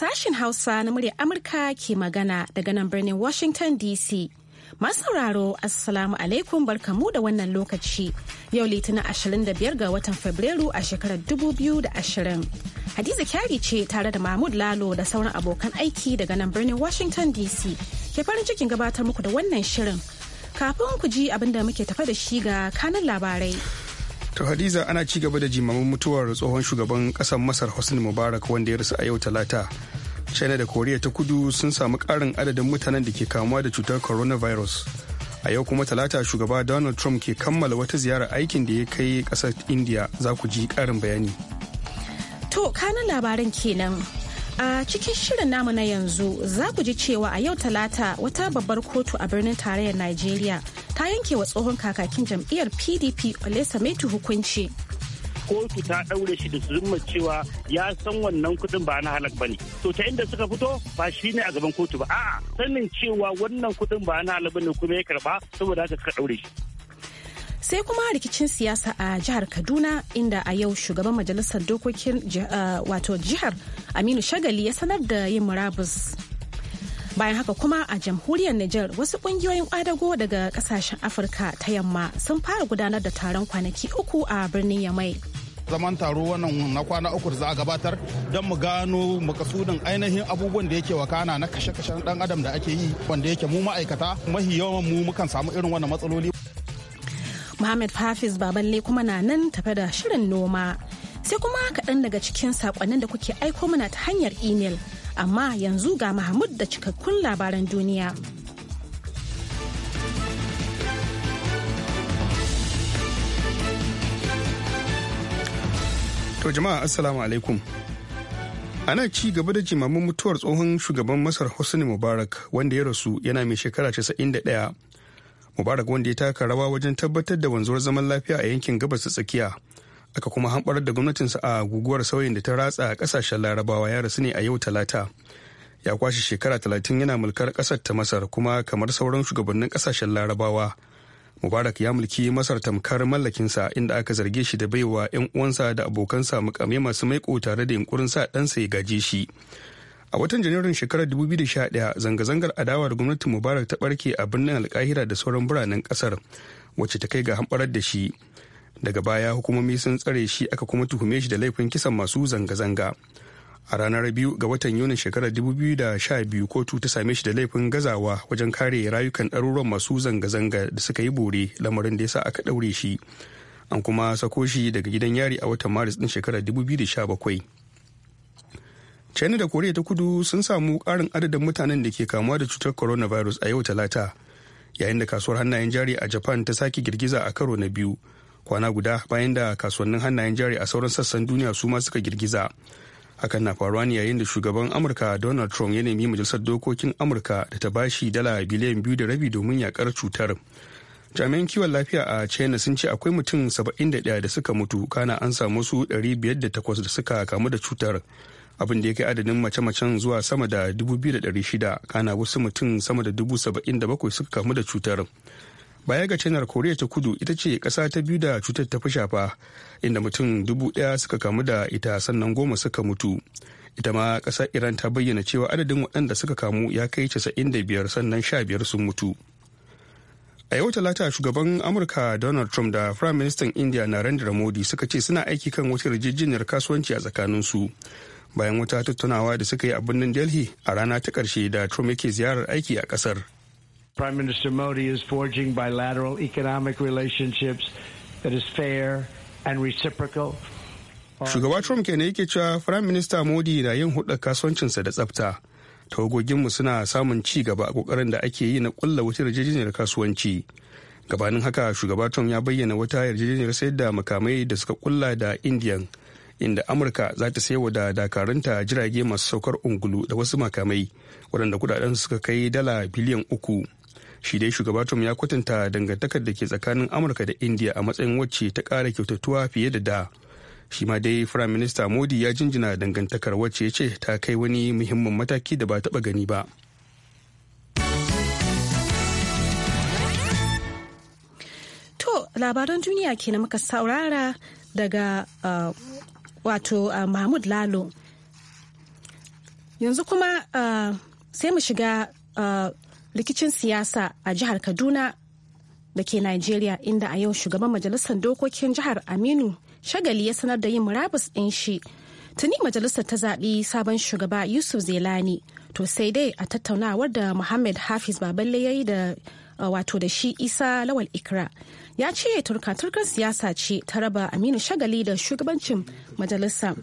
sashen Hausa na murya Amurka ke magana daga nan birnin Washington DC. Masu sauraro Assalamu alaikum barkamu da wannan lokaci. Yau Litinin 25 ga watan Fabrairu a shekarar 2020. Hadiza Kyari ce tare da Mahmud Lalo da sauran abokan aiki daga nan birnin Washington DC ke farin cikin gabatar muku da wannan shirin. Kafin ku ji abin da muke tafa da shi ga kanan labarai. To Hadiza ana ci gaba da jimamin mutuwar tsohon shugaban ƙasar Masar Hosni Mubarak wanda ya rasu a yau Talata. China da Koriya ta kudu sun samu ƙarin adadin mutanen da ke kamuwa da cutar coronavirus. A yau kuma Talata shugaba Donald Trump ke kammala wata ziyara aikin da ya kai ƙasar India za ku ji ƙarin bayani. To kanan labaran kenan A cikin shirin namu na yanzu za ku ji cewa a yau talata wata babbar kotu a birnin tarayyar Najeriya ta yanke wa tsohon kakakin jam'iyyar PDP olesa Metu hukunci. Kotu ta ɗaure shi da zumma cewa ya san wannan kuɗin ba na halak bane. To ta inda suka fito ba shi ne a gaban kotu ba. A'a sanin cewa wannan kuɗin ba na halak bane kuma ya karba saboda haka suka ɗaure shi. sai kuma rikicin siyasa a jihar kaduna inda a yau shugaban majalisar dokokin wato jihar aminu shagali ya sanar da yin murabus bayan haka kuma a jamhuriyar niger wasu kungiyoyin kwadago daga kasashen afirka ta yamma sun fara gudanar da taron kwanaki uku a birnin yamai zaman taro wannan na kwana uku za a gabatar don mu gano makasudin ainihin abubuwan da yake wakana na kashe-kashen dan adam da ake yi wanda yake mu ma'aikata mahi yawan mu mukan samu irin wannan matsaloli Muhammad Hafiz Baballe kuma na nan tafe da shirin noma. Sai kuma kaɗan daga cikin saƙonnin da kuke aiko mana ta hanyar imel. Amma yanzu ga Mahmud da cikakkun labaran duniya. To jama'a Assalamu alaikum. ana ci gaba da jimamin mutuwar tsohon shugaban masar hosni mubarak wanda ya rasu yana mai shekara 91 mubarak wanda ya taka rawa wajen tabbatar da wanzuwar zaman lafiya a yankin gabas ta tsakiya aka kuma hamɓarar da gwamnatinsa a guguwar sauyin da ta ratsa a ƙasashen larabawa ya rasu ne a yau talata ya kwashe shekara talatin yana mulkar ƙasar ta masar kuma kamar sauran shugabannin ƙasashen larabawa mubarak ya mulki masar tamkar mallakinsa inda aka zarge shi da baiwa 'yan uwansa da abokansa mukamai masu maiko tare da yunkurin sa ɗansa ya gaje shi a watan janairun shekarar 2011 zanga-zangar adawar gwamnatin mubarak ta barke a birnin alkahira da sauran biranen kasar wacce ta kai ga hamɓarar da shi daga baya hukumomi sun tsare shi aka kuma tuhume shi da laifin kisan masu zanga-zanga a ranar biyu ga watan yunin shekarar 2012 kotu ta same shi da laifin gazawa wajen kare rayukan ɗaruruwan masu zanga-zanga da suka yi bore lamarin da ya sa aka ɗaure shi an kuma sako shi daga gidan yari a watan maris ɗin shekarar 2017 china da koriya ta kudu sun samu karin adadin mutanen da ke kamuwa da cutar coronavirus a yau talata yayin da kasuwar hannayen jari a japan ta sake girgiza a karo na biyu kwana guda bayan da kasuwannin hannayen jari a sauran sassan duniya su ma suka girgiza hakan na faruwa ne yayin da shugaban amurka donald trump ya nemi majalisar dokokin amurka da ta bashi dala biliyan biyu da rabi domin yakar cutar jami'an kiwon lafiya a china sun ce akwai mutum 71 da suka mutu kana an samu su 508 da suka kamu da cutar abin da ya kai adadin mace-macen zuwa sama da 2,600 kana wasu mutum sama da bakwai suka kamu da cutar baya ga canar koriya ta kudu ita ce kasa ta biyu da cutar ta fi shafa inda mutum dubu ɗaya suka kamu da ita sannan goma suka mutu ita ma kasa iran ta bayyana cewa adadin waɗanda suka kamu ya kai casa'in da 95 sannan biyar sun mutu a yau talata shugaban amurka donald trump da prime minister india narendra modi suka ce suna aiki kan wata yarjejeniyar kasuwanci a tsakaninsu bayan wata tattaunawa da suka yi a birnin delhi a rana ta ƙarshe da trump yake ziyarar aiki a ƙasar prime minister modi is forging bilateral economic relationships that is fair and reciprocal shugaba trump kenan yake cewa prime minister modi na yin hudu kasuwancinsa da tsafta tawagoginmu suna samun ci gaba a kokarin da ake yi na kulla wata yarjejeniyar kasuwanci gabanin haka shugaba trump ya bayyana wata yarjejeniyar sayar da makamai da suka kulla da indiyan inda amurka za ta sayo da dakarunta jirage masu saukar ungulu da wasu makamai waɗanda kudaden suka kai dala biliyan uku shi dai shugaba trump ya kwatanta dangantakar da ke tsakanin amurka da india a matsayin wacce ta ƙara kyautattuwa fiye da da shi ma dai firayim minista modi ya jinjina dangantakar wacce ya ce ta kai wani muhimmin mataki da ba taɓa gani ba to labaran duniya kenan muka saurara daga uh, wato uh, mahmud lalo yanzu kuma uh, sai mu shiga uh, rikicin siyasa a jihar kaduna da ke nigeria inda a yau shugaban majalisar dokokin jihar aminu shagali ya sanar da yin murabus din shi tuni majalisar ta zaɓi sabon shugaba yusuf zelani to sai dai a tattaunawar da muhammad hafiz baballe ya yi da uh, wato da shi isa lawal ikra ya ce turka-turkar siyasa ce ta raba aminu shagali da shugabancin majalisa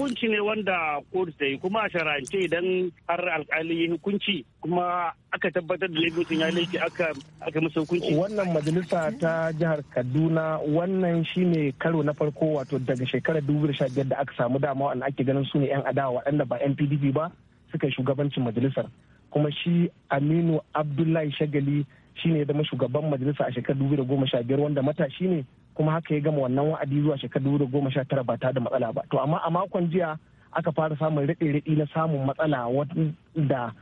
hukunci ne wanda kotu ta yi kuma a sharance idan har alkali ya hukunci kuma aka tabbatar da laifin ya laifi aka aka masa hukunci wannan majalisa ta jihar kaduna wannan shine karo na farko wato daga shekarar 2015 da aka samu dama wanda ake ganin su ne yan adawa waɗanda ba yan pdp ba suka shugabancin majalisar kuma shi aminu abdullahi shagali shine ya zama shugaban majalisa a shekarar 2015 wanda matashi ne kuma haka ya gama wannan wa'adi zuwa shekaru da goma sha tara ba ta da matsala ba to amma a makon jiya aka fara samun riɗe rade na samun matsala wanda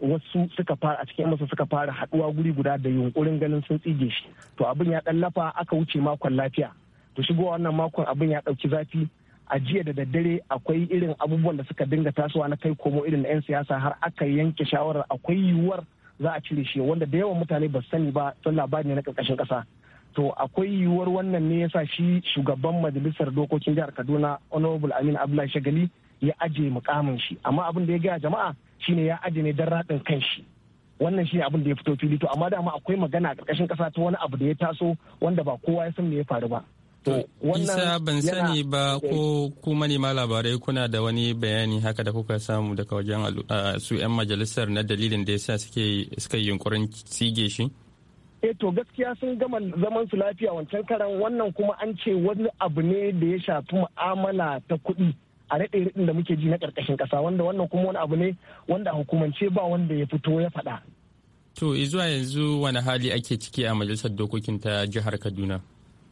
wasu suka fara a cikin masu suka fara haɗuwa guri guda da yunkurin ganin sun tsige shi to abin ya ɗan lafa aka wuce makon lafiya to shigowa wannan makon abin ya ɗauki zafi a jiya da daddare akwai irin abubuwan da suka dinga tasowa na kai komo irin 'yan siyasa har aka yanke shawarar akwai yiwuwar za a cire shi wanda da yawan mutane ba sani ba sun labari na karkashin kasa to akwai yiwuwar wannan ne yasa shi shugaban majalisar dokokin jihar kaduna honorable amin abdullahi shagali ya aje mukamin shi amma abin da ya gaya jama'a shine ya aje ne don raɗin kan shi wannan shine abin da ya fito fili to amma dama akwai magana a ƙarƙashin kasa ta wani abu da ya taso wanda ba kowa ya san me ya faru ba To, isa ban sani ba eh. ko ku ma labarai kuna da wani bayani haka da kuka samu daga wajen su 'yan majalisar na dalilin da yasa suke suka yunkurin sige shi? eh to gaskiya sun gama zaman su lafiya wancan karan wannan kuma an ce wani abu ne da ya shafi mu'amala ta kuɗi a raɗe raɗin da muke ji na ƙarƙashin ƙasa wanda wannan kuma wani abu ne wanda a hukumance ba wanda ya fito ya faɗa. To zuwa yanzu wani hali ake ciki a majalisar dokokin ta jihar Kaduna?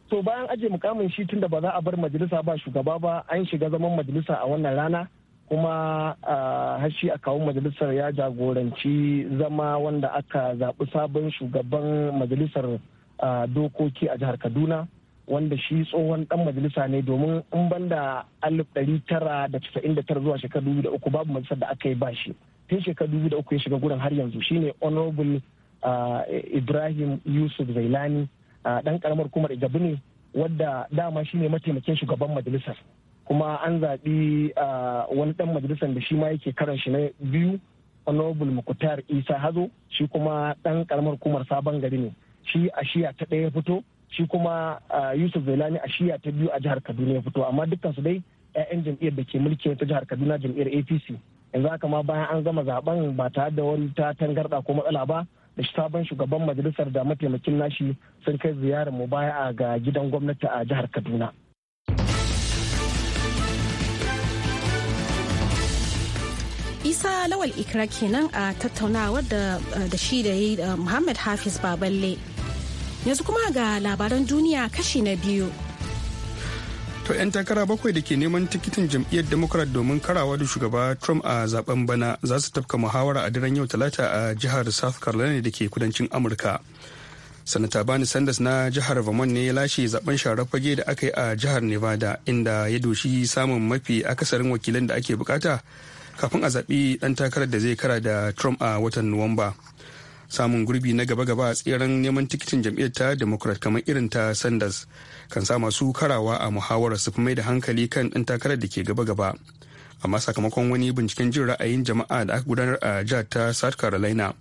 To bayan aje mukamin shi tunda ba za a bar majalisa ba shugaba ba an shiga zaman majalisa a wannan rana kuma hashi a kawo majalisar ya jagoranci zama wanda aka zaɓi sabon shugaban majalisar dokoki a jihar kaduna wanda shi tsohon dan majalisa ne domin in banda alif ɗari tara da casa'in da tara zuwa shekaru da uku babu majalisar da aka yi ba shi tun shekaru da uku ya shiga gurin har yanzu shine honorable ibrahim yusuf zailani dan karamar kuma da ne wadda dama shi ne mataimakin shugaban majalisar kuma an zaɓi wani ɗan majalisar da shi ma yake karan shi na biyu honorable mukutar isa hazo shi kuma ɗan karamar kumar sabon gari ne shi a shiya ta ɗaya fito shi kuma yusuf zailani a shiya ta biyu a jihar kaduna ya fito amma dukkan su dai 'ya'yan jam'iyyar da ke mulki ta jihar kaduna jam'iyyar apc yanzu haka ma bayan an gama zaben ba tare da wani ta tangarɗa ko matsala ba da sabon shugaban majalisar da mataimakin nashi sun kai ziyarar mu baya ga gidan gwamnati a jihar kaduna isa lawal ikra kenan a tattaunawar da shi da yi eh, muhammad hafiz baballe yanzu kuma ga labaran duniya kashi na biyu to 'yan takara bakwai da ke neman tikitin jam'iyyar democrat domin karawa da shugaba trump a zaben bana za su tafka muhawara a daren yau talata a jihar south carolina da ke kudancin amurka sanata bani sanders na jihar vermont ne ya lashe zaben sharar fage da aka yi a jihar nevada inda ya doshi samun mafi akasarin wakilan da ake bukata kafin a zaɓi ɗan takarar da zai kara da trump a watan nuwamba samun gurbi na gaba-gaba a tseren neman tikitin jam'iyyar ta democrat kamar irin ta sanders kan sa masu karawa a muhawarar su mai da hankali kan ɗan takarar da ke gaba-gaba amma sakamakon wani binciken jin ra'ayin jama'a da aka gudanar a jihar ta south carolina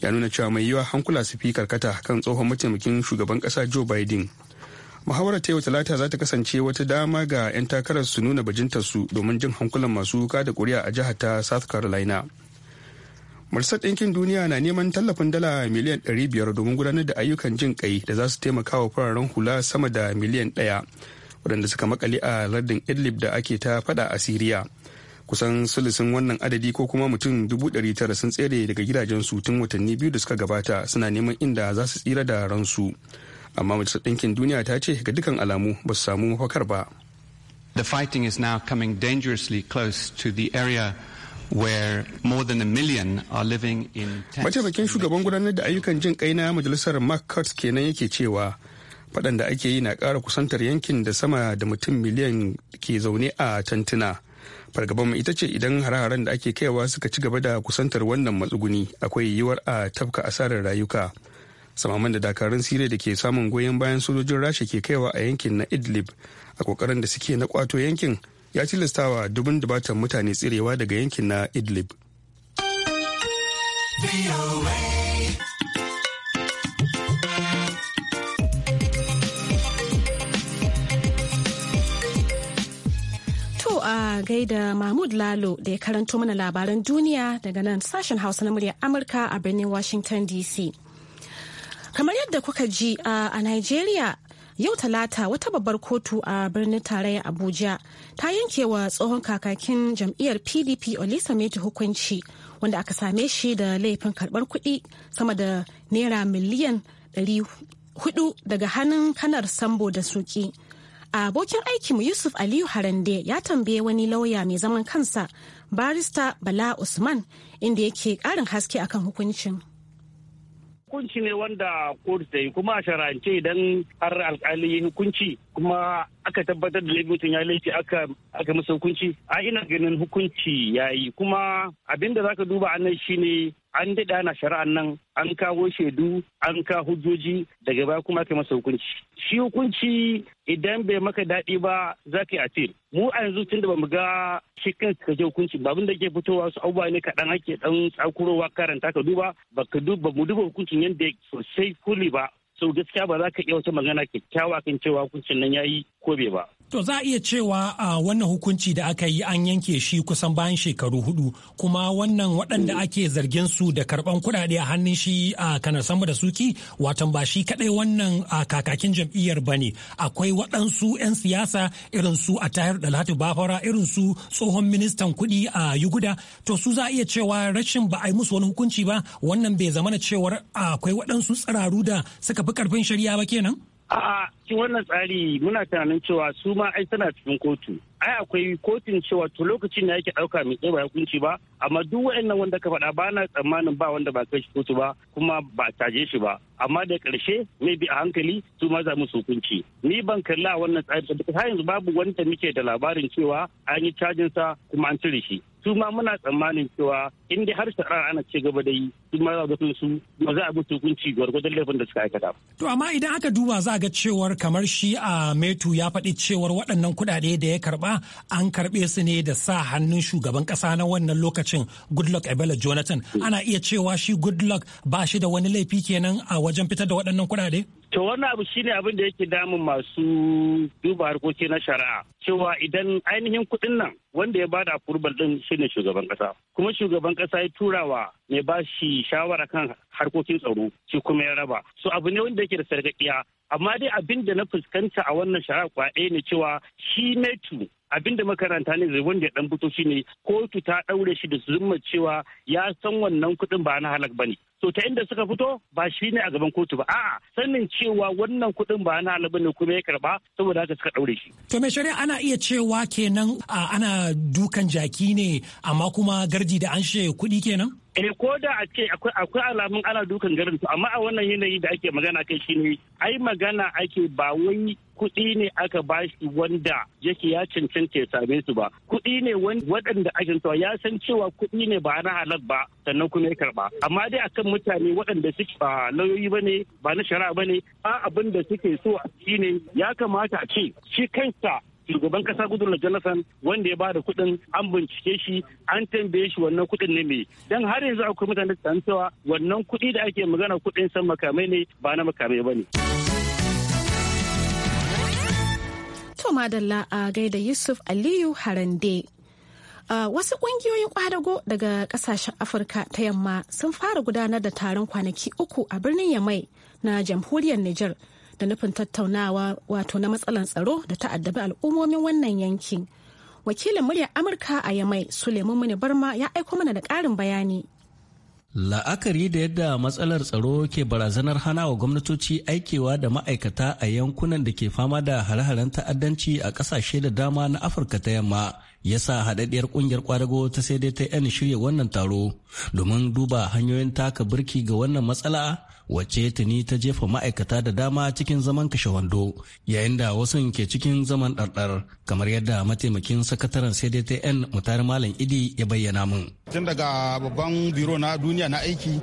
ya nuna cewa mai yiwa hankula su fi karkata kan tsohon mataimakin shugaban ƙasa joe biden muhawarar ta yau talata za ta kasance wata dama ga 'yan takarar su nuna su domin jin hankulan masu wuka da kuri'a a jihar ta south carolina marsat ɗinkin duniya na neman tallafin dala miliyan 500 domin gudanar da ayyukan jin kai da za su taimaka wa fararen hula sama da miliyan ɗaya waɗanda suka makale a lardin idlib da ake ta faɗa a siriya kusan sulisin wannan adadi ko kuma mutum 900 sun tsere daga gidajensu tun watanni biyu da suka gabata suna neman inda za su tsira da ransu. amma majalisar ɗinkin duniya ta ce ga dukkan alamu ba su samu mafakar ba the fighting is now coming dangerously close to the area where more than a million are living in mataimakin shugaban gudanar da ayyukan jin kai na majalisar mark Kurtz kenan yake cewa faɗan da ake yi na ƙara kusantar yankin da sama da mutum miliyan ke zaune a tantuna fargaban ita ce idan hare-haren da ake kaiwa suka ci gaba da kusantar wannan matsuguni akwai yiwuwar a tafka asarar rayuka samaman da dakarun sire da ke samun goyon bayan sojojin rasha ke kaiwa a yankin na idlib a kokarin da suke na kwato yankin ya tilastawa dubin dubatan mutane tsirewa daga yankin na idlib a gaida Mahmud Lalo da ya karanto mana labaran duniya daga nan sashen Hausa na murya Amurka a birnin Washington DC. Kamar yadda kuka ji uh, a Nigeria yau talata wata babbar kotu a birnin tarayya abuja ta yanke wa tsohon kakakin jam'iyyar pdp olisameti hukunci wanda aka same shi da laifin karbar kuɗi sama da naira miliyan 400 daga hannun kanar sambo da suki abokin aikinmu yusuf aliyu harande ya tambaye wani lauya mai zaman kansa barista bala usman inda yake ƙarin haske akan hukuncin hukunci ne wanda kotu ta yi kuma a sharance idan har alkali ya hukunci kuma aka tabbatar da laifin ya laifi aka masa hukunci a ina ganin hukunci ya yi kuma abin da zaka duba nan shine an daɗa ana shari'an nan an kawo shaidu an ka hujjoji daga baya kuma ka masa hukunci shi hukunci idan bai maka daɗi ba za ka yi appeal mu a yanzu tun da mu ga shi kan ka je hukunci ba da ke fitowa su abubuwa ne kaɗan ake ɗan tsakurowa karanta ka duba ba ka duba mu duba hukuncin yadda ya sosai kuli ba sau gaskiya ba za ka iya wata magana kyakkyawa kan cewa hukuncin nan ya yi ko bai ba To za a iya cewa a wannan hukunci da aka yi an yanke shi kusan bayan shekaru hudu kuma wannan waɗanda ake zargin su da karɓan kuɗaɗe a hannun shi a kanar sama da suki watan ba shi kaɗai wannan a kakakin jam'iyyar ba ne akwai waɗansu 'yan siyasa irin su a tayar dalatu bafara irin su tsohon ministan kuɗi a yuguda to su za a iya cewa rashin ba a yi musu wani hukunci ba wannan bai zamana cewar akwai waɗansu tsiraru da suka fi karfin shari'a ba kenan. A'a, ki wannan tsari muna tunanin cewa su ma ai suna cikin kotu. Ai akwai kotun cewa to lokacin da yake ɗauka mai tsaye ba hukunci ba, amma duk wa'annan wanda ka faɗa ba na tsammanin ba wanda ba kai shi kotu ba kuma ba caje shi ba. Amma da ƙarshe bi a hankali su ma za mu hukunci. Ni ban kalla wannan tsari saboda har yanzu babu wanda muke da labarin cewa an yi cajin sa kuma an cire shi. su ma muna tsammanin cewa in dai har shari'a ana ci gaba da yi su ma za ga su ma za a bi hukunci gwargwadon laifin da suka aikata. To amma idan aka duba za a ga cewar kamar shi a Metu ya faɗi cewar waɗannan kuɗaɗe da ya karɓa an karɓe su ne da sa hannun shugaban ƙasa na wannan lokacin Goodluck Ebele Jonathan ana iya cewa shi Goodluck ba shi da wani laifi kenan a wajen fitar da waɗannan kuɗaɗe? To wani abu shine abin da yake damun masu duba harkoki na shari'a cewa idan ainihin kuɗin nan wanda ya bada furbal din shine shugaban kasa kuma shugaban kasa ya turawa mai ba shi shawara kan harkokin tsaro shi kuma ya raba so abu ne wanda yake da sargaɗiya amma dai abin da na fuskanta a wannan shari'a kwa ɗaya ne cewa shi netu abin da makaranta ne zai wanda ya dan fito ne. kotu ta ɗaure shi da zumma cewa ya san wannan kuɗin ba na halak bane so ta inda suka fito ba shi ne a gaban kotu ba a'a sanin cewa wannan kuɗin ba na halabin ne kuma ya karba saboda haka suka ɗaure shi. to mai shari'a ana iya cewa kenan ana dukan jaki ne amma kuma garji da an she kuɗi kenan. ne eh, ko da a ce akwai alamun ana dukan garin su amma a wannan yanayi da ake magana kai shine ai magana ake ba wai kuɗi ne aka bashi wanda yake ya cancanta ya same su ba kuɗi ne waɗanda ake cewa ya san cewa kuɗi ne ba na halal ba sannan kuma ya karba amma dai akan mutane waɗanda suke ba lauyoyi ba ne ba na shari'a ba ne a abin da suke so a shine ya kamata a ce shi kansa shugaban kasa gudun jonathan wanda ya ba da kuɗin an bincike shi an tambaye shi wannan kudin ne mai dan har yanzu akwai mutane da cewa wannan kudi da ake magana kuɗin san makamai ne ba na makamai bane ne. To madalla a gaida Yusuf Aliyu Harande. Uh, wasu ƙungiyoyin kwadago daga ƙasashen Afirka ta yamma sun fara gudanar da taron kwanaki uku a birnin Yamai na jamhuriyar Nijar da nufin tattaunawa wato na matsalar tsaro da ta addabi al'ummomin wannan yankin. Wakilin muryar Amurka a Yamai Suleiman Muni Barma ya aiko mana da ƙarin bayani. La'akari da yadda matsalar tsaro ke barazanar hana wa gwamnatoci aikewa da ma'aikata a yankunan da ke fama da hare-haren ta'addanci a ƙasashe da dama na Afirka ta yamma. ya sa haɗaɗɗiyar ƙungiyar kwadago ta sai dai ta yan shirya wannan taro domin duba hanyoyin taka birki ga wannan matsala wacce tuni ta jefa ma'aikata da dama cikin zaman kashe wando yayin da wasu ke cikin zaman ɗarɗar kamar yadda mataimakin sakataren sai dai ta mutar malam idi ya bayyana mun. Tun daga babban biro na duniya na aiki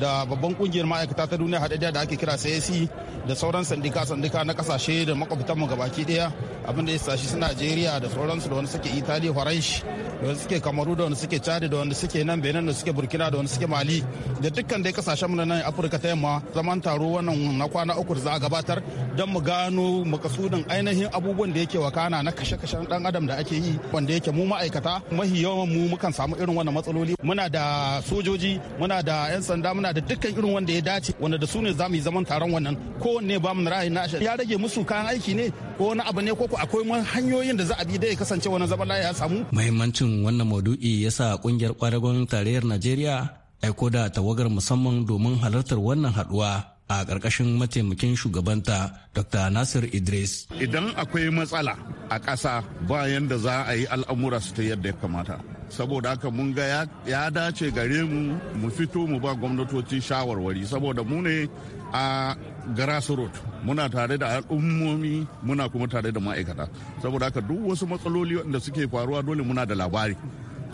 da babban kungiyar ma'aikata ta duniya haɗe da ake kira si da sauran sandika sandika na kasashe da makwabtan mu gabaki daya abinda ya sashi su Najeriya da sauransu da wanda suke italy Faransh da wanda suke Kamaru da wanda suke Chad da wanda suke nan Benin da suke Burkina da wanda suke Mali da dukkan dai kasashen mu nan Afirka ta yamma zaman taro wannan na kwana uku za a gabatar don mu gano makasudin ainihin abubuwan da yake wakana na kashe-kashen dan adam da ake yi wanda yake mu ma'aikata mahi yawan mu mukan samu irin wannan matsaloli matsaloli muna da sojoji muna da 'yan sanda muna da dukkan irin wanda ya dace wanda da su ne za mu yi zaman taron wannan ko ne ba mu ra'ayi na ya rage musu kayan aiki ne ko wani abu ne ko ko akwai wani hanyoyin da za a bi da ya kasance wani zaman ya samu mahimmancin wannan maudu'i sa kungiyar kwadagon tarayyar Najeriya aiko da tawagar musamman domin halartar wannan haduwa a ƙarƙashin mataimakin shugabanta dr nasir idris idan akwai matsala a ƙasa bayan da za a yi al'amura su ta yadda ya kamata saboda haka mun ga ya dace gare mu mu fito mu ba gwamnatoci shawarwari saboda mu ne a grassroot muna tare da al'ummomi muna kuma tare da ma'aikata saboda haka duk wasu matsaloli waɗanda suke faruwa dole muna da labari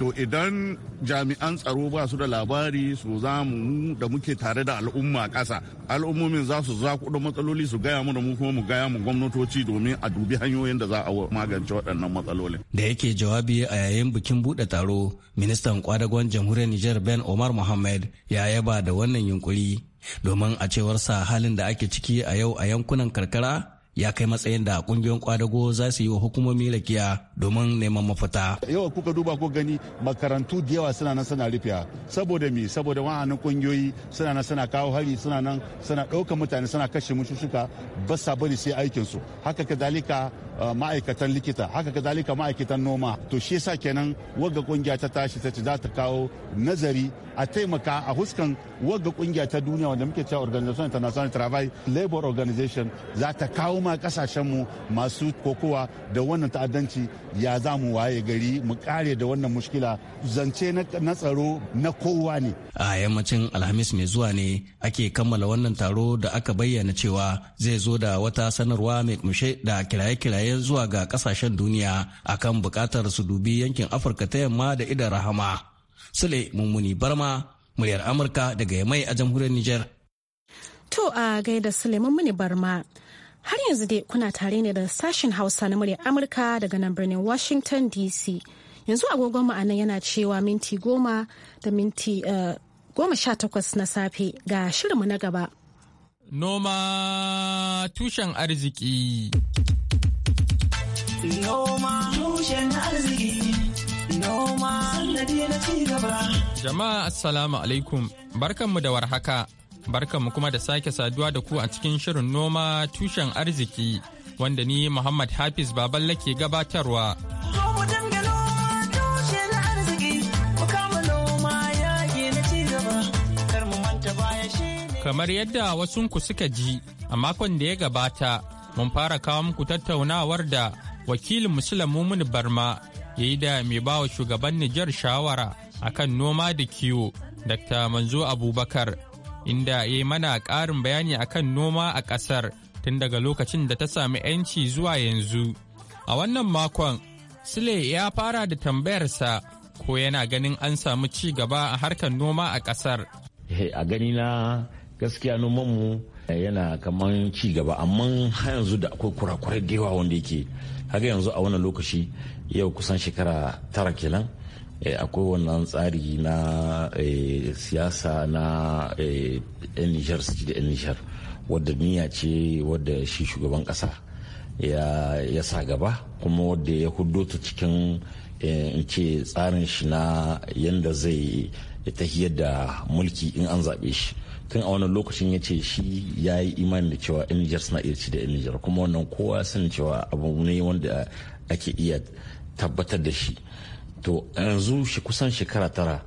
to idan jami'an tsaro ba su da labari su za mu da muke tare da al'umma ƙasa al'ummomin za su za kudu matsaloli su gaya mu da mu kuma mu gaya mu gwamnatoci domin a dubi hanyoyin da za a magance waɗannan matsalolin da yake jawabi a yayin bikin buɗe taro ministan kwadagon jamhuriyar niger Ben Omar Mohammed ya yaba da wannan yunkuri domin a cewarsa halin da ake ciki a yau a yankunan karkara ya kai matsayin da kungiyoyin kwadago za su yi wa hukumomi rakiya domin neman mafita. Yau kuka duba ko gani makarantu da yawa suna nan suna rufiya saboda me saboda wa'annan kungiyoyi suna nan suna kawo hari suna nan suna ɗaukar mutane suna kashe mushushuka ba sa bari sai aikin su haka kadalika uh, ma'aikatan likita haka kadalika ma'aikatan noma to shi yasa kenan wagga kungiya ta tashi ta ce za ta kawo nazari a taimaka a huskan wagga kungiya ta duniya wanda muke cewa organization international travail labor organization za ta kawo Kuma ma kasashenmu masu kokowa da wannan ta'addanci ya za mu waye gari mu kare da wannan mushkila zance na tsaro na kowa ne. A yammacin Alhamis mai zuwa ne ake kammala wannan taro da aka bayyana cewa zai zo da wata sanarwa mai kumshe da kiraye-kiraye zuwa ga kasashen duniya akan bukatar su dubi yankin Afirka ta yamma da idan rahama. Sule Mummuni Barma, muryar Amurka daga Yamai a jamhuriyar Niger. To a gaida Suleiman Muni Barma. Har yanzu dai kuna tare ne da sashen Hausa na muryar Amurka daga nan birnin Washington DC. Yanzu agogon mu nan yana cewa minti goma da minti eh, goma sha takwas na safe ga shirinmu na gaba. Noma tushen arziki. Noma tushen arziki. Noma na ci gaba. Jama'a Assalamu alaikum, barkanmu da warhaka. Barkanmu kuma da sake saduwa da ku a cikin shirin noma tushen arziki wanda ni Muhammad Hafiz Baballe ke gabatarwa. Kamar yadda wasu ku suka ji a makon da ya gabata, mun fara kawo muku tattaunawar da wakilin Musulun Mumin Barma ya yi da mai bawa shugaban Nijar shawara akan noma da kiwo, Dr. Manzo Abubakar. inda ya yi mana ƙarin bayani akan noma a ƙasar tun daga lokacin da ta sami 'yanci zuwa yanzu. A wannan makon, Sule ya fara da tambayarsa ko yana ganin an samu ci gaba a harkar noma a ƙasar. Eh, a gani na gaskiya nomanmu eh, yana kamar ci gaba amma har yanzu da akwai kurakurai da yawa wanda yake. Haka yanzu a wannan lokaci yau kusan shekara tara kenan Eh, akwai wannan tsari na eh, siyasa na eh, 'yan nijar su da 'yan nijar wadda niyya ce wadda shi shugaban kasa ya sa gaba kuma wadda ya hudo ta cikin in ce tsarin shi na yadda zai tahiyar da mulki in an zaɓe shi tun a wannan lokacin ya ce shi ya yi imani da cewa 'yan nijar suna iya ci da 'yan nijar kuma wannan kowa sun cewa abu ne wanda ake iya tabbatar da shi to yanzu shi kusan shekara tara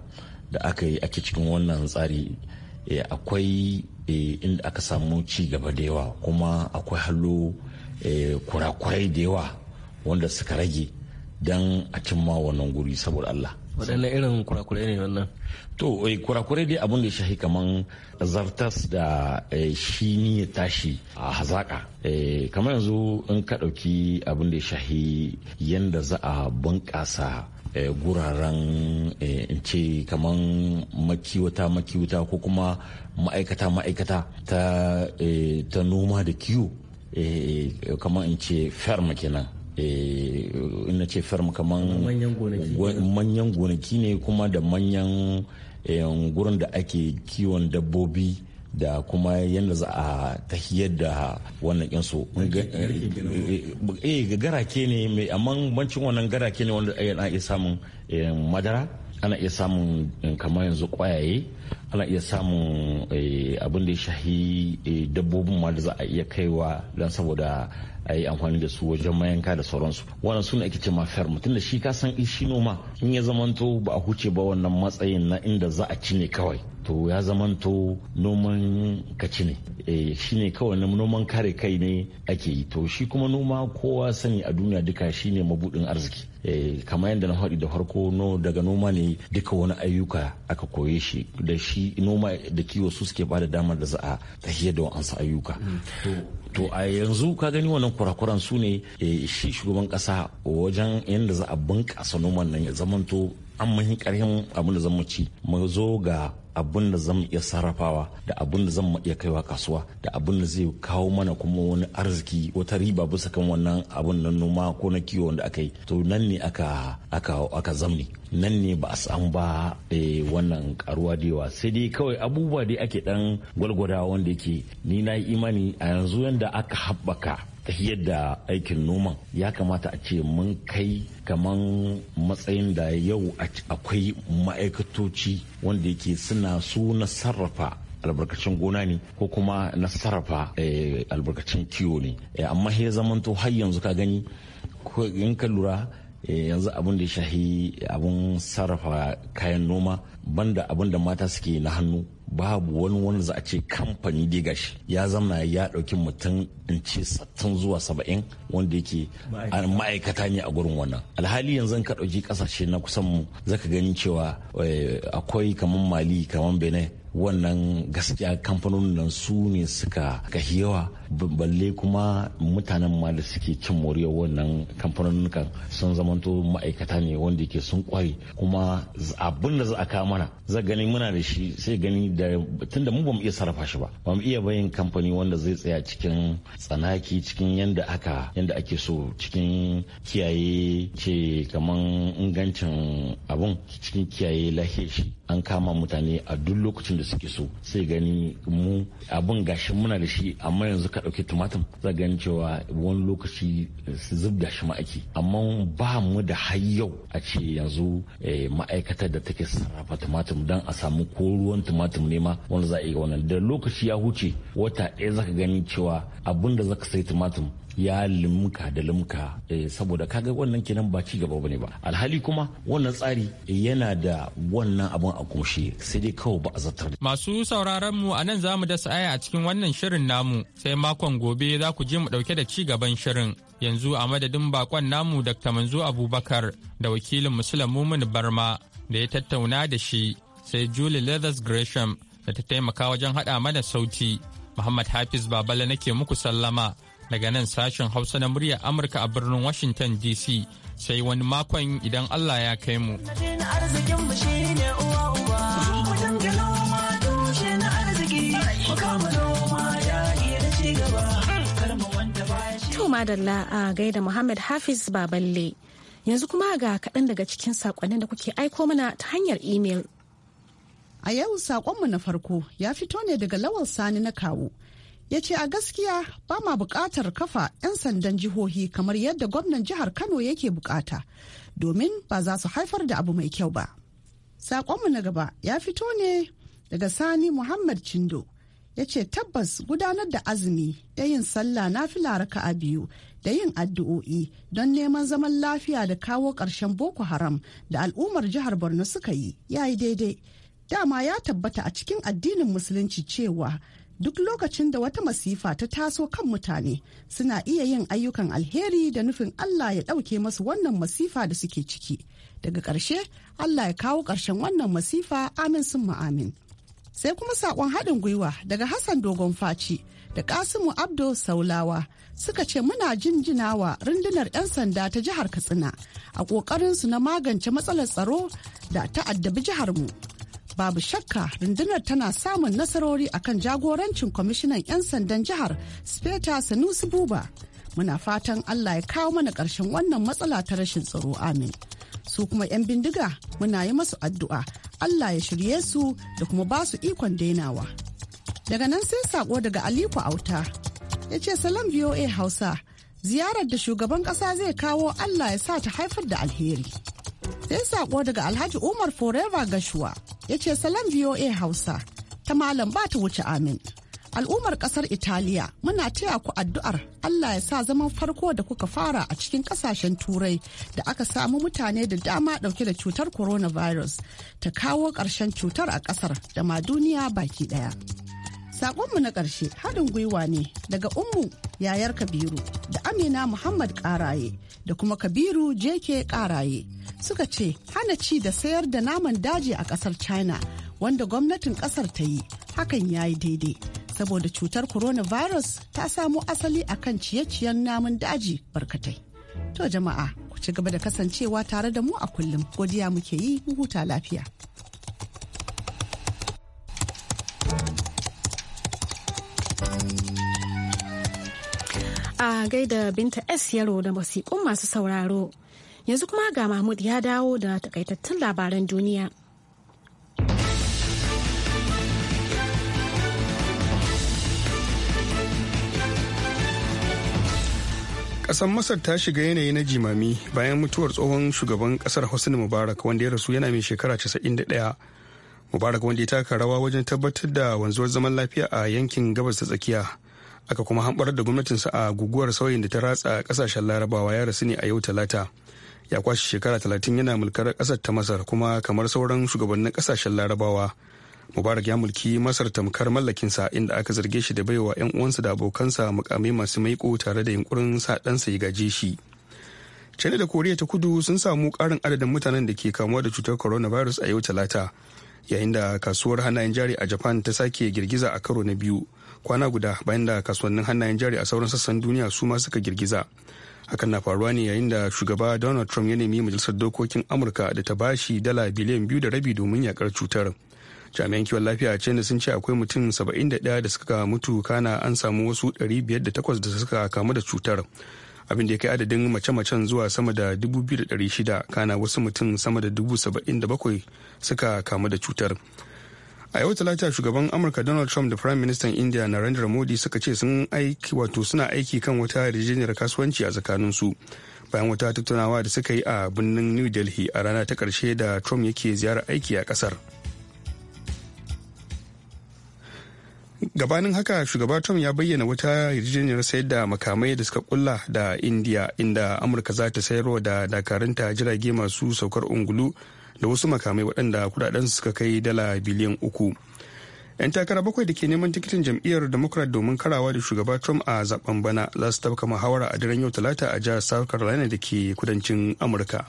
da aka yi ake cikin wannan tsari eh, akwai eh, inda aka samu ci gaba da yawa kuma akwai hallo eh, kurakurai da yawa wanda suka rage don a cimma wannan guri saboda Allah waɗannan irin kurakurai ne wannan to kurakurai dai abin da ya shahi kaman zartas da shi ni ya tashi a hazaka kamar yanzu in ka ɗauki abin da ya shahi yadda za a bunƙasa Eh, guraren eh, in ce kamar makiwata makiwata ko kuma ma'aikata ma'aikata ta eh, noma da kiwo kamar in ce ferma kenan ina ce ferma kamar manyan gonaki ne kuma da manyan gurin da ake kiwon dabbobi da kuma yadda za a tahiyar da wannan kinsu gara ke eh, eh, eh, ne mai amma bancin wannan ke ne wanda ana iya samun madara ana iya samun kama yanzu kwayaye ana iya samun abin da ya shahi dabbobin ma da za a iya kaiwa don saboda a yi amfani da su wajen mayanka da sauransu wannan suna ake ce ma fer mutum da shi ka san shi noma in ya zamanto ba a huce ba wannan matsayin na inda za a ci ne kawai to ya zamanto noman kaci ne eh, Shi ne kawai noman kare kai ne ake yi to shi kuma noma kowa sani a duniya duka shi ne mabudin arziki eh, Kama yadda na faɗi da farko no daga noma ne duka wani ayyuka aka koye shi da shi noma da kiwo su suke bada damar da za a tahiyar da wa'ansu ayyuka mm, to a yanzu ka gani wannan kurakuran su ne eh, shi shugaban ƙasa wajen yadda za a bunƙasa noman nan ya zamanto an mahi karhin abin da zama ci mu zo ga abin da zan iya sarrafawa da abin da zan iya kaiwa kasuwa da abin da zai kawo mana kuma wani arziki wata riba bisa kan wannan abin na noma ko na kiwo wanda aka yi to nan ne aka aka aka zamni nan ne ba a samu ba eh, wannan karuwa da yawa sai dai kawai abubuwa dai ake dan gwalgwada wanda yake ni na imani a yanzu yanda aka haɓaka tahiyar da aikin noman ya kamata a ce mun kai kaman matsayin da yau akwai ma'aikatoci wanda yake suna su na sarrafa albarkacin gona ne ko kuma na sarrafa eh, albarkacin kiwo ne eh, amma ya zamanto har yanzu ka gani in ka lura Eh, yanzu abin da ya shahi abin sarrafa kayan noma banda abin da mata suke na hannu babu wani wani za a ce kamfani dai gashi ya zama ya dauki mutum in ce sattin zuwa saba'in wanda yake ma'aikata ne a gurin wannan alhali yanzu ka dauki kasashe na kusan mu zaka gani cewa eh, akwai kamar mali kamar benin wannan gaskiya kamfanonin nan su ne suka kahiyawa balle kuma mutanen ma da suke cin moriya wannan kamfanonin kan sun zamanto ma'aikata ne wanda ke sun kware kuma abin da za a kawo mana za gani muna da shi sai gani da tunda mu bamu iya sarrafa shi ba bamu iya bayin kamfani wanda zai tsaya cikin tsanaki cikin yanda aka yanda ake so cikin kiyaye ce kaman ingancin abun cikin kiyaye lahiyar shi an kama mutane a duk lokacin da da suke so sai gani mu abun gashin muna da shi amma yanzu ka ɗauki tumatum za gani cewa wani lokaci eh, su zub da shi ma'aiki amma ba mu da har a ce yanzu eh, ma'aikatar da take sarrafa tumatum don a samu ko ruwan tumatum ne ma wani za a iya wannan da lokaci ya huce wata ɗaya zaka gani cewa abun da zaka sai tumatum ya limka da limka eh, saboda kaga wannan kenan ba ci gaba bane ba alhali kuma wannan tsari yana da wannan abun a kunshe sai dai kawai ba a zartar masu sauraron mu anan zamu dasa aya a cikin wannan shirin namu sai makon gobe za ku je mu dauke da ci gaban shirin yanzu a madadin bakon namu Dr. Manzo Abubakar da wakilin Musulun Mumin Barma da ya tattauna da shi sai Julie Leathers Gresham da ta taimaka wajen haɗa mana sauti Muhammad Hafiz Babala nake muku sallama daga nan sashen hausa na muryar amurka a birnin washington dc sai wani makon idan allah ya kai mu madalla a gaida Muhammad Hafiz Baballe. Yanzu kuma ga kaɗan daga cikin saƙonnin da kuke aiko mana ta hanyar imel. A yau saƙonmu na farko ya fito ne daga Lawal Sani na kawo ya ce a gaskiya ba ma buƙatar kafa 'yan sandan jihohi kamar yadda gwamnan jihar kano yake bukata domin ba za su haifar da abu mai kyau ba saƙonmu na gaba ya fito ne daga sani muhammad cindo ya ce tabbas gudanar da azumi da yin sallah na fi laraka a biyu da yin addu'o'i don neman zaman lafiya da kawo ƙarshen boko haram da al'ummar jihar borno suka yi ya yi daidai dama ya tabbata a cikin addinin musulunci cewa duk lokacin da wata masifa ta taso kan mutane suna iya yin ayyukan alheri da nufin Allah ya ɗauke masu wannan masifa da suke ciki daga ƙarshe Allah ya kawo ƙarshen wannan masifa amin sun amin sai kuma saƙon haɗin gwiwa daga Hassan Dogon Faci da Kasimu Abdo Saulawa suka ce muna jinjinawa rundunar 'yan sanda ta jihar Katsina a ƙoƙarinsu na magance matsalar tsaro da ta'addabi jiharmu. mu. babu shakka rundunar tana samun nasarori a kan jagorancin kwamishinan 'yan sandan jihar speta sanusi buba muna fatan allah ya kawo mana ƙarshen wannan matsala ta rashin tsaro amin su kuma 'yan bindiga muna yi masu addu'a allah ya shirye su da kuma ba su ikon dainawa daga nan sai sako daga aliko auta ya ce salam voa hausa ziyarar da shugaban ƙasa zai kawo allah ya sa ta haifar da alheri sai sako daga alhaji umar forever Gashua. ya ce salam VOA Hausa ta malam ba ta wuce amin. Al'ummar kasar Italiya muna taya ku addu'ar Allah ya sa zaman farko da kuka fara a cikin kasashen turai da aka samu mutane da dama dauke da cutar coronavirus ta kawo ƙarshen cutar a ƙasar da ma duniya baki ɗaya. Sakonmu na ƙarshe haɗin gwiwa ne daga Ummu yayar Kabiru da Amina Muhammad Ƙaraye da kuma Kabiru JK Ƙaraye suka ce hana ci da sayar da naman daji a ƙasar China wanda gwamnatin ƙasar ta yi hakan ya yi daidai saboda cutar coronavirus ta samo asali a kan ciye-ciyen namun daji barkatai. To jama'a ku ci gaba da kasancewa tare da mu a kullum godiya muke yi huta lafiya. a gaida Binta S Yaro da wasiƙun masu sauraro. Yanzu kuma ga Mahmud ya dawo da takaitattun labaran duniya. Ƙasar Masar ta shiga yanayi na jimami bayan mutuwar tsohon shugaban ƙasar Hosni Mubarak wanda ya rasu yana mai shekara 91. Mubarak wanda ya taka rawa wajen tabbatar da wanzuwar zaman lafiya a yankin gabas ta tsakiya. aka kuma hamɓarar da gwamnatinsa a guguwar sauyin da ta ratsa kasashen larabawa ya rasu ne a yau talata ya kwashe shekara talatin yana mulkar kasar ta masar kuma kamar sauran shugabannin kasashen larabawa mubarak ya mulki masar tamkar mallakinsa inda aka zarge shi da baiwa 'yan uwansa da abokansa mukamai masu maiko tare da yunkurin sa ɗansa ya gaje shi china da koriya ta kudu sun samu ƙarin adadin mutanen da ke kamuwa da cutar coronavirus a yau talata yayin da kasuwar hannayen jari a japan ta sake girgiza a karo na biyu kwana guda bayan da kasuwannin hannayen jari a sauran sassan duniya su ma suka girgiza hakan na faruwa ne yayin da shugaba donald trump ya nemi majalisar dokokin amurka da ta bashi dala biliyan biyu da rabi domin yakar cutar jami'an kiwon lafiya a china sun ce akwai mutum 71 da suka mutu kana an samu wasu 508 da suka kamu da cutar abin da ya kai adadin mace-macen zuwa sama da 2,600 kana wasu mutum sama da 77 suka kamu da cutar a yau talata shugaban amurka donald trump da prime minister india narendra modi suka ce sun aiki wato suna aiki kan wata yarjejeniyar kasuwanci a su bayan wata tattaunawa da suka yi a birnin new delhi a rana ta karshe da trump yake ziyarar aiki a kasar gabanin haka shugaba trump ya bayyana wata yarjejeniyar sayar da makamai da suka kulla da india inda amurka za ta sayarwa da dakarunta jirage masu saukar ungulu da wasu makamai waɗanda kudaden suka kai dala biliyan uku. 'yan takara bakwai da ke neman tikitin jam'iyyar democrat domin karawa da shugaba trump a zaben bana za su tafka muhawara a daren yau talata a jihar south carolina da ke kudancin amurka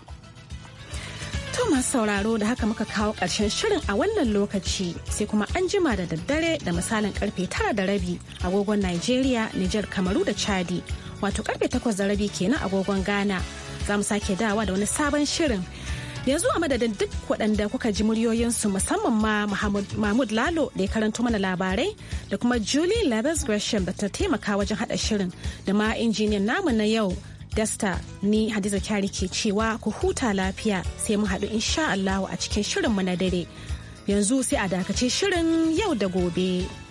Thomas sauraro da haka muka kawo ƙarshen shirin a wannan lokaci sai kuma an jima da daddare da misalin karfe tara da rabi agogon Nigeria, niger Kamaru da Chadi wato karfe takwas da rabi kenan agogon Ghana za mu sake dawa da wani sabon shirin yanzu a madadin duk waɗanda kuka ji muryoyinsu musamman ma mahmud lalo da ya karanto mana labarai da kuma julie labes gresham da ta taimaka wajen haɗa shirin da ma injiniyan namu na yau dasta ni hadiza kyari ke cewa ku huta lafiya sai mu haɗu insha allahu a cikin shirin mu na dare yanzu sai a dakace shirin yau da gobe.